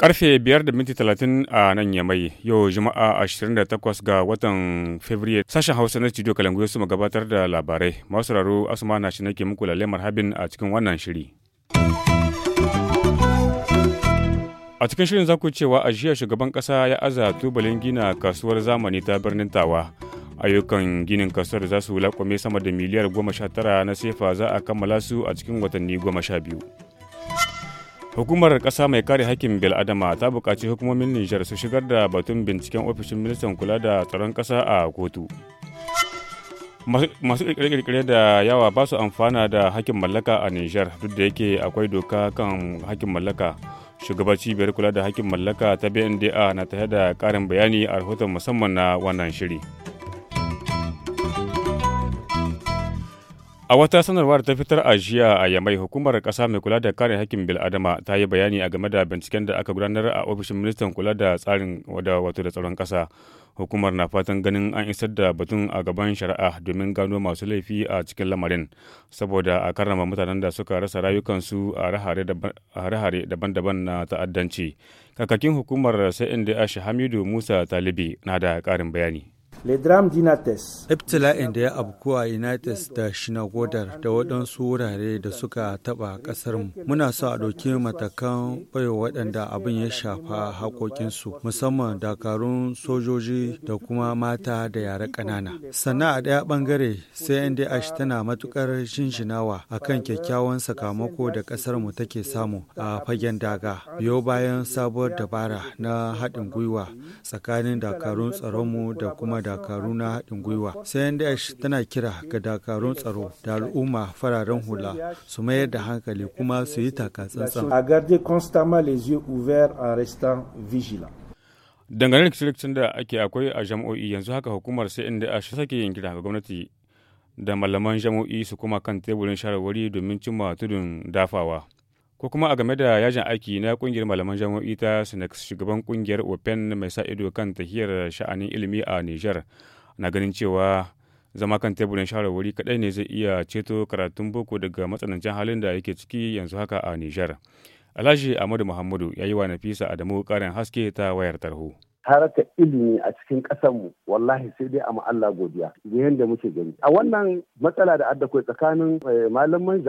Karfe biyar da minti 30 a nan Yamai, yau Juma'a 28 ga watan Fabrairu. Sashen Hausa na Studio Kalangu su gabatar da labarai. Masu raro Asuma na shi nake muku lalle marhabin a cikin wannan shiri. A cikin shirin za ku cewa a jiya shugaban kasa ya aza tubalin gina kasuwar zamani ta birnin Tawa. Ayyukan ginin kasuwar za su lakwame sama da miliyar goma sha tara na sefa za a kammala su a cikin watanni goma sha biyu. Hukumar ƙasa mai kare hakkin adama ta buƙaci hukumomin Nijar su shigar da batun binciken ofishin ministan kula da tsaron ƙasa a kotu. masu kirkire-kirkire da yawa ba su amfana da hakkin mallaka a Nijar duk da yake akwai doka kan hakkin mallaka shugaban cibiyar kula da hakkin mallaka ta bnda na tare da karin bayani a rahoton musamman na wannan shiri a wata sanarwa da ta fitar a jiya a yamai hukumar kasa mai kula da kare hakkin bil'adama ta yi bayani a game da binciken da aka gudanar a ofishin ministan kula da tsarin wada da tsaron kasa Hukumar na fatan ganin an isar da batun a gaban shari'a domin gano masu laifi a cikin lamarin saboda a karrama mutanen da suka rasa rayukansu a hare-hare daban-daban na ta'addanci. Kakakin hukumar sai inda ashe Hamidu Musa Talibi na da karin bayani. Ibtila da ya abku a United da Shinagodar da waɗansu wurare da suka taɓa ƙasarmu. Muna so a ɗauki matakan baiwa waɗanda abin ya shafa haƙoƙinsu, musamman dakarun sojoji da kuma mata da yare ƙanana. Sannan a ɗaya ɓangare sai NDH tana matuƙar jinjinawa a kan kyakkyawan sakamako da ƙasarmu take samu a fagen daga. Biyo bayan sabuwar dabara na haɗin gwiwa tsakanin dakarun tsaronmu da kuma da dakaru na haɗin gwiwa sayan daesh tana kira ga dakarun tsaro da al'umma fararen hula su mayar da hankali kuma su yi takatsantsan dangane da kirkicin da ake akwai a jam'o'i yanzu haka hukumar sai inda a sake yin kira ga gwamnati da malaman jam'o'i su kuma kan teburin shawarwari domin cimma tudun dafawa ko kuma a game da yajin aiki na kungiyar malaman jami'o'i ta sinex shugaban kungiyar open mai sa ido kan tahiyar sha'anin ilimi a niger na ganin cewa zama kan teburin shawarwari kadai ne zai iya ceto karatun boko daga matsanancin halin da yake ciki yanzu haka a niger alhaji ahmadu muhammadu ya yi wa nafisa adamu karin haske ta wayar tarho harkar ilimi a cikin ƙasarmu wallahi sai dai a Allah godiya da muke gani a wannan matsala da adda tsakanin eh, malaman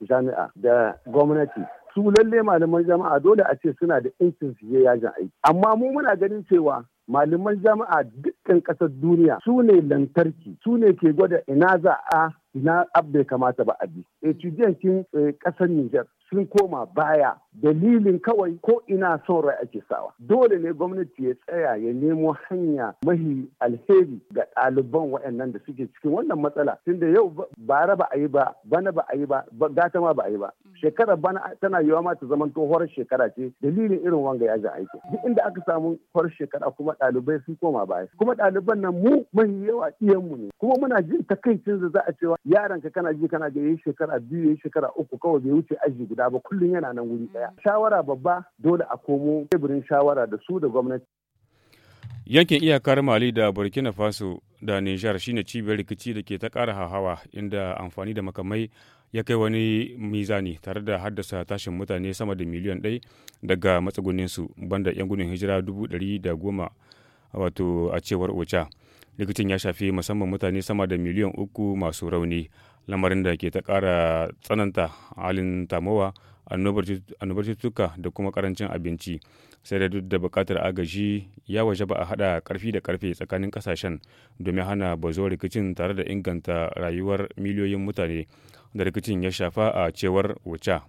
jami'a da gwamnati su lalle malaman jami'a dole a ce suna da incin su je yajin aiki amma mu muna ganin cewa malaman jami'a dukkan ƙasar duniya su ne lantarki su ne ke gwada ina za a ina ab kamata ba a bi. Etudiyankin kasar eh, Nijar sun koma baya dalilin kawai ko ina son rai ake sawa. Dole ne gwamnati ya tsaya ya nemo hanya mahi alheri ga ɗaliban waɗannan da suke cikin wannan matsala. Tunda yau bara ba a yi ba, bana ba a yi ba, gata ma ba a yi ba. shekara bana tana yiwa ma ta zaman tohuwar shekara ce dalilin irin wanga ya ji aiki duk inda aka samu har shekara kuma ɗalibai sun koma baya kuma ɗaliban nan mu mahi yawa mu ne kuma muna jin takaicin da za a cewa yaron ka kana ji kana ga yayi shekara biyu yayi shekara uku kawai bai wuce aji guda ba kullum yana nan wuri ɗaya shawara babba dole a komo teburin shawara da su da gwamnati yankin iyakar mali da burkina faso da nijar shine cibiyar rikici da ke ta ƙara hawa inda amfani da makamai ya kai wani mizani tare da haddasa tashin mutane sama da miliyan ɗai daga su banda 'yan gudun hijira dubu ɗari da goma wato a cewar oca likicin ya shafi musamman mutane sama da miliyan uku masu rauni lamarin da ke ta kara tsananta halin tamowa annobar cututtuka da kuma karancin abinci sai da duk da buƙatar agaji ya waje ba a haɗa ƙarfi da ƙarfe tsakanin ƙasashen domin hana bazo rikicin tare da inganta rayuwar miliyoyin mutane da rikicin ya shafa a cewar wuca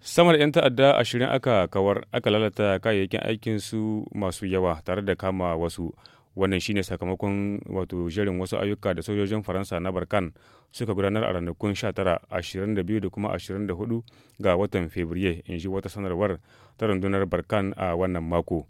sama da 'yan ta'adda ashirin aka kawar aka lalata kayayyakin aikin su masu yawa tare da kama wasu wannan shine sakamakon wato jerin wasu ayyuka da sojojin faransa na barkan suka gudanar a ranakun 19 22 da kuma 24 ga watan fabriye in ji wata sanarwar ta rundunar barkan a wannan mako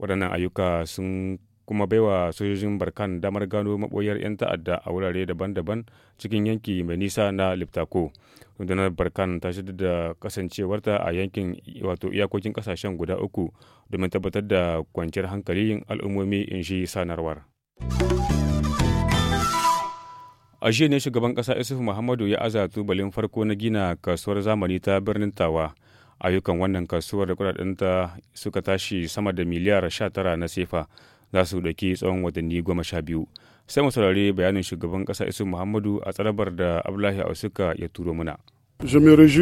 waɗannan ayyuka sun kuma baiwa sojojin barkan damar gano maboyar 'yan ta'adda a wurare daban-daban cikin yanki mai nisa na liptako rundunar barkan ta shida da kasancewarta a yankin wato iyakokin kasashen guda uku domin tabbatar da kwanciyar hankalin al'ummomi in shi sanarwar a jiya ne shugaban kasa isuf muhammadu ya aza tubalin farko na gina kasuwar zamani ta birnin tawa ayyukan wannan kasuwar da ta suka tashi sama da miliyar 19 na sefa za su ɗauki tsawon watanni goma sha biyu sai mu saurari bayanin shugaban ƙasa isu muhammadu a tsarabar da abdullahi ausuka ya turo muna.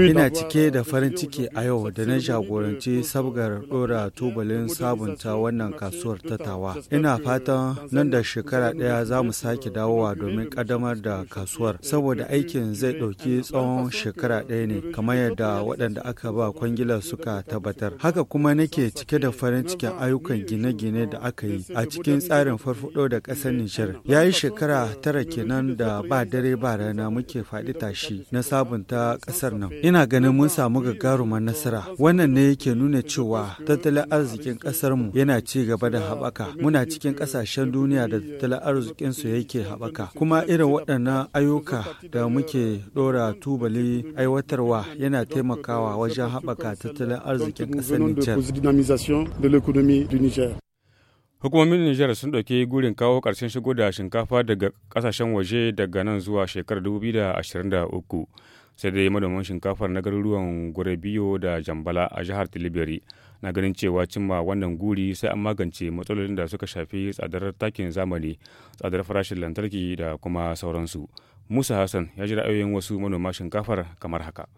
Ina cike da farin ciki a yau da na jagoranci sabgar ɗora tubalin sabunta wannan kasuwar tatawa. Ina fatan nan da shekara ɗaya za mu sake dawowa domin ƙaddamar da kasuwar, saboda aikin zai ɗauki tsawon shekara ɗaya ne, kamar yadda waɗanda aka ba kwangilar suka tabbatar. Haka kuma nake cike da farin cikin ayyukan gine-gine da aka yi a cikin tsarin farfaɗo da ƙasar Nijar. Ya yi shekara tara kenan da ba dare ba rana muke faɗi tashi na sabunta kasar nan. Ina ganin mun samu gagarumar nasara. Wannan ne yake nuna cewa tattalin arzikin kasar mu yana ci gaba da haɓaka. Muna cikin ƙasashen duniya da tattalin arzikinsu yake haɓaka. Kuma irin waɗannan ayyuka da muke ɗora tubali aiwatarwa yana taimakawa wajen haɓaka tattalin arzikin ƙasar Nijar. Hukumomin Nijar sun ɗauki gurin kawo ƙarshen shigo da shinkafa daga ƙasashen waje daga nan zuwa shekarar 2023. sai dai manoman shinkafar na garuruwan gurabiyo da jambala a jihar tilibiri na ganin cewa cimma wannan guri sai an magance matsalolin da suka shafi tsadar takin zamani tsadar farashin lantarki da kuma sauransu musa hassan ya ji ra'ayoyin wasu manoma shinkafar kamar haka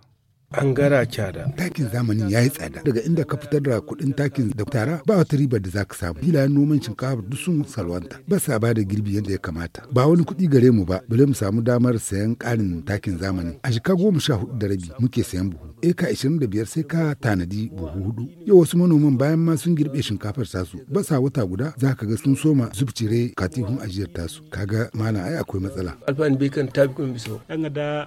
an gara da. Takin zamanin ya yi tsada. Daga inda ka fitar da kudin takin da tara ba wata riba da za ka samu. Filayen noman shinkafa duk sun salwanta. Ba sa ba da girbi yadda ya kamata. Ba wani kuɗi gare mu ba. Bale mu samu damar sayan ƙarin takin zamani. A shekara goma sha hudu da rabi muke sayan buhu. Eka ishirin da biyar sai ka tanadi buhu hudu. Yau wasu manoman bayan ma sun girbe shinkafar tasu. Ba sa wata guda za ka ga sun soma zubcire katihun ajiyar tasu. Kaga mana ai akwai matsala. Alfan bikan tafi kun biso.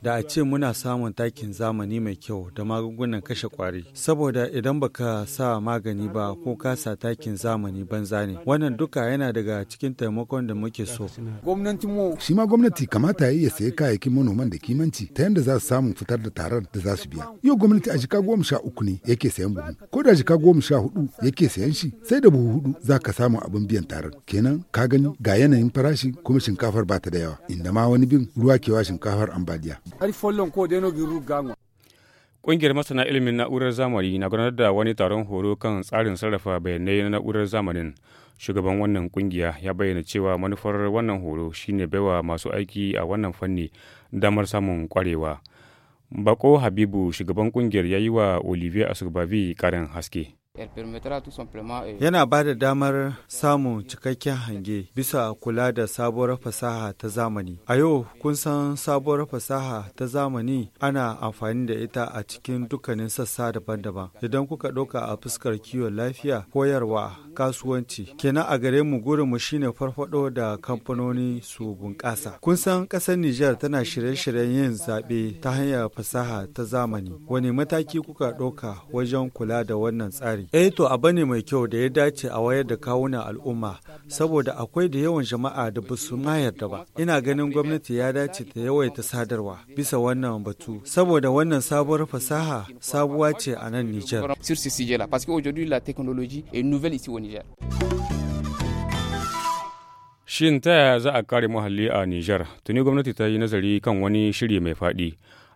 Da a ce muna samun takin zamani mai kyau kyau da magungunan kashe kwari saboda idan baka sa magani ba ko ka sa takin zamani banza ne wannan duka yana daga cikin taimakon da muke so shi ma gwamnati kamata ya iya sayi kayayyakin manoman da kimanci ta yadda za su samu fitar da tarar da za su biya yau gwamnati a jika goma sha uku ne yake sayan buhu ko da jika goma sha hudu yake sayan shi sai da buhu hudu za ka samu abin biyan tarar kenan ka gani ga yanayin farashi kuma shinkafar ba ta da yawa inda ma wani bin ruwa kewa shinkafar ambaliya. Ƙungiyar masana ilimin na'urar zamani na gudanar da wani taron horo kan tsarin sarrafa bayanai na na'urar zamanin. Shugaban wannan ƙungiya ya bayyana cewa manufar wannan horo shine baiwa masu aiki a wannan fanni damar samun ƙwarewa. Bako Habibu shugaban ƙungiyar ya yi wa Olivier Asubavi ƙarin haske. Euh, Yana ba da damar samun cikakken hange bisa kula da sabuwar fasaha ta zamani. A yau kun san sabuwar fasaha ta zamani ana amfani da ita a cikin dukkanin sassa daban-daban. Idan kuka ɗauka a fuskar kiwon lafiya, koyarwa, kasuwanci. Kenan a gare mu gurin mu shine farfaɗo da kamfanoni su bunƙasa. Kun san ƙasar Nijar tana shirye-shiryen yin zaɓe ta hanyar fasaha ta zamani. Wani mataki kuka ɗauka wajen kula da wannan tsari? hankali. Eh to abu ne mai kyau da ya dace a wayar da kawunan al'umma saboda akwai da yawan jama'a da ba su ma yarda ba. Ina ganin gwamnati ya dace ta yawaita sadarwa bisa wannan batu saboda wannan sabuwar fasaha sabuwa ce a nan Nijar. Shin ta yaya za a kare muhalli a Nijar? Tuni gwamnati ta yi nazari kan wani shiri mai faɗi.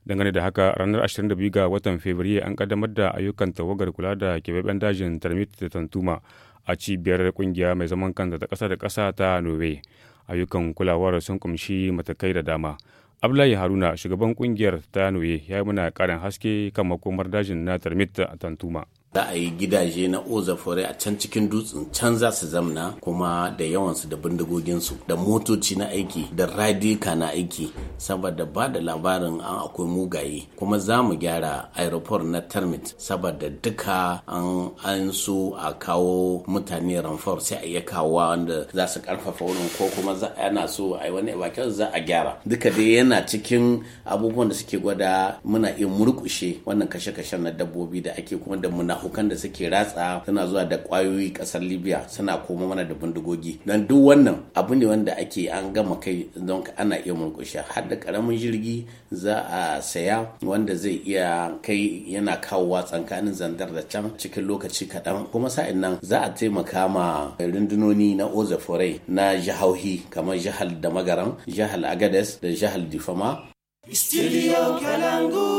dangane da haka ranar 22 ga watan fabrairu an kaddamar da ayyukan tawagar kula da kebeben dajin tarmit da tantuma a cibiyar kungiya mai zaman kanta ta kasa da kasa ta norway ayyukan kulawar sun kumshi matakai da dama abdullahi haruna shugaban kungiyar ta noye ya yi muna karin haske kan makomar dajin na tarmit tantuma za a yi gidaje na ozafore a can cikin dutsen can za su zamna kuma da yawansu da bindigoginsu da motoci na aiki da radika na aiki saboda ba da labarin an akwai mugaye kuma za mu gyara aeroport na termit saboda duka an an so a kawo mutane ramfor sai a iya kawo wanda za su karfafa wurin ko kuma a ana so a yi wani evacuation za a gyara duka dai yana cikin abubuwan da suke gwada muna iya murkushe wannan kashe-kashen na dabbobi da ake kuma da munafukan da suke ratsa suna zuwa da kwayoyi kasar libya suna koma mana da bindigogi don duk wannan abu ne wanda ake an gama kai don ana iya murkushe har da karamin jirgi za a saya wanda zai iya kai yana kawowa tsakanin zandar da can cikin lokaci kaɗan kuma sa'in nan za a taimaka ma rundunoni na ozafore na jihauhi kamar jihar damagaran jihar agades da jihar difama Studio Kalangu.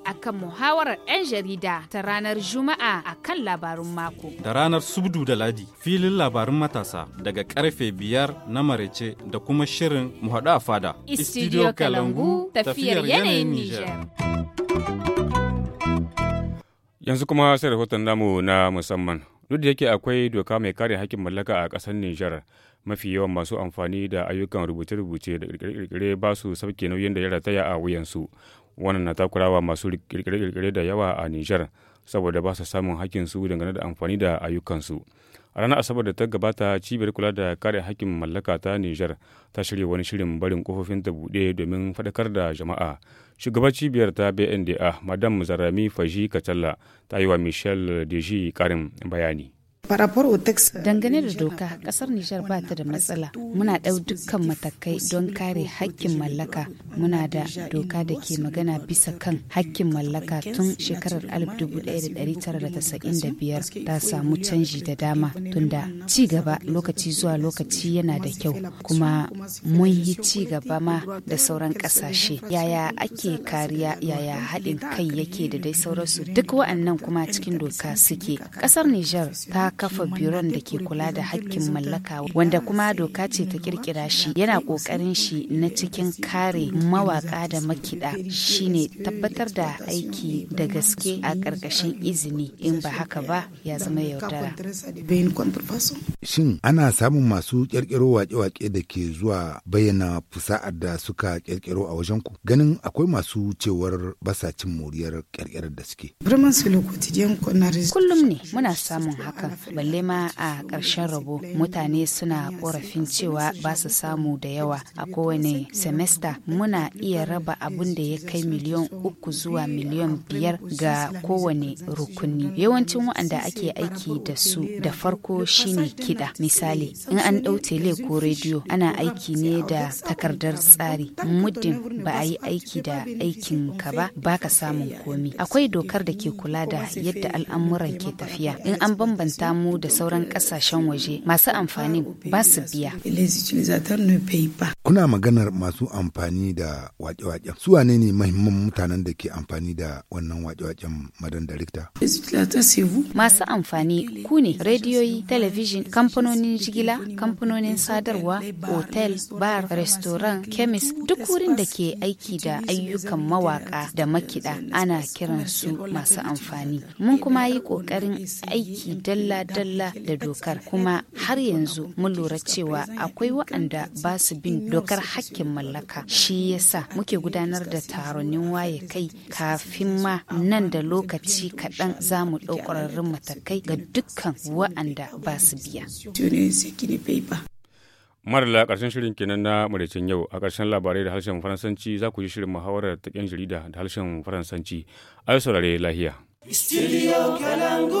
akan muhawarar 'yan jarida ta ranar Juma'a a kan labarun mako. Da ranar Subdu da Ladi filin labarun matasa daga karfe biyar na marece da kuma shirin muhaɗu a fada. Istidiyo Kalangu tafiyar yanayin Nijar. Yanzu kuma sai rahoton namu na musamman. Duk da yake akwai doka mai kare hakkin mallaka a ƙasar Nijar. mafi yawan masu amfani da ayyukan rubuce-rubuce da ƙirƙire-ƙirƙire ba su sauke nauyin da ya rataya a wuyansu wannan na takurawa masu kirkire da yawa a nijar saboda ba su samun su dangane da amfani da ayyukansu a ranar asabar da ta gabata cibiyar kula da kare hakkin mallaka ta nijar ta shirya wani shirin barin kofofin ta buɗe domin faɗakar da jama'a shugabar cibiyar ta bnda madam zarami faji katalla ta yi wa michel deji karin bayani Dangane da doka, kasar Nijar ba ta da matsala. Muna ɗau dukkan matakai don kare hakkin mallaka. Muna da doka da ke magana bisa kan hakkin mallaka tun shekarar 1995 ta samu canji da dama tunda ci gaba lokaci zuwa lokaci yana da kyau kuma mun yi ci gaba ma da sauran ƙasashe. Yaya ake kariya yaya haɗin kai yake da dai sauransu duk wa'annan kuma cikin doka suke. Kasar Nijar ta kafa biron da ke kula da hakkin mallaka wanda kuma doka ce ta kirkira shi yana kokarin shi na cikin kare mawaka da makida shine tabbatar da aiki da gaske a ƙarƙashin izini in ba haka ba ya zama yaudara. shin ana samun masu ƙirƙiro wake-wake da ke zuwa bayyana fusa'ar da suka ƙirƙiro a wajen ku ganin akwai masu cewar basa cin moriyar ƙirƙirar da suke. Kullum ne muna samun haka balle ma a ƙarshen rabo mutane suna ƙorafin cewa ba su samu da yawa a kowane semesta muna iya raba abun da ya kai miliyon uku zuwa miliyon biyar ga kowane rukuni yawancin waɗanda ake aiki da su da farko shine ke kiɗa misali in an ɗau tele ko rediyo ana aiki ne da takardar tsari muddin ba a yi aiki da aikin ka ba baka samun komi akwai dokar da ke kula da yadda al'amuran ke tafiya in an bambanta mu da sauran kasashen waje masu amfani ba su biya kuna maganar masu amfani da wake-waken su wane ne mahimman mutanen da ke amfani da wannan wake-waken madan da masu amfani ku ne rediyoyi talabijin kamfanonin jigila kamfanonin sadarwa otel bar restoran kemis duk wurin da ke aiki da ayyukan mawaka da makida ana kiran su masu amfani mun kuma yi kokarin aiki e dalla-dalla da dokar kuma har yanzu mun lura cewa akwai waɗanda ba su bin dokar hakkin mallaka shi yasa muke gudanar da taronin waye kai kafin ma nan da lokaci kaɗan za mu ɗaukararrun matakai ga dukkan waɗanda ba su biya Tunisi qui ƙarshen shirin kenan na maraicin yau a ƙarshen labarai da harshen Faransanci za ku ji shirin muhawarar ta 'yan jarida da harshen Faransanci. Ai saurare lahiya. Studio Kalangu.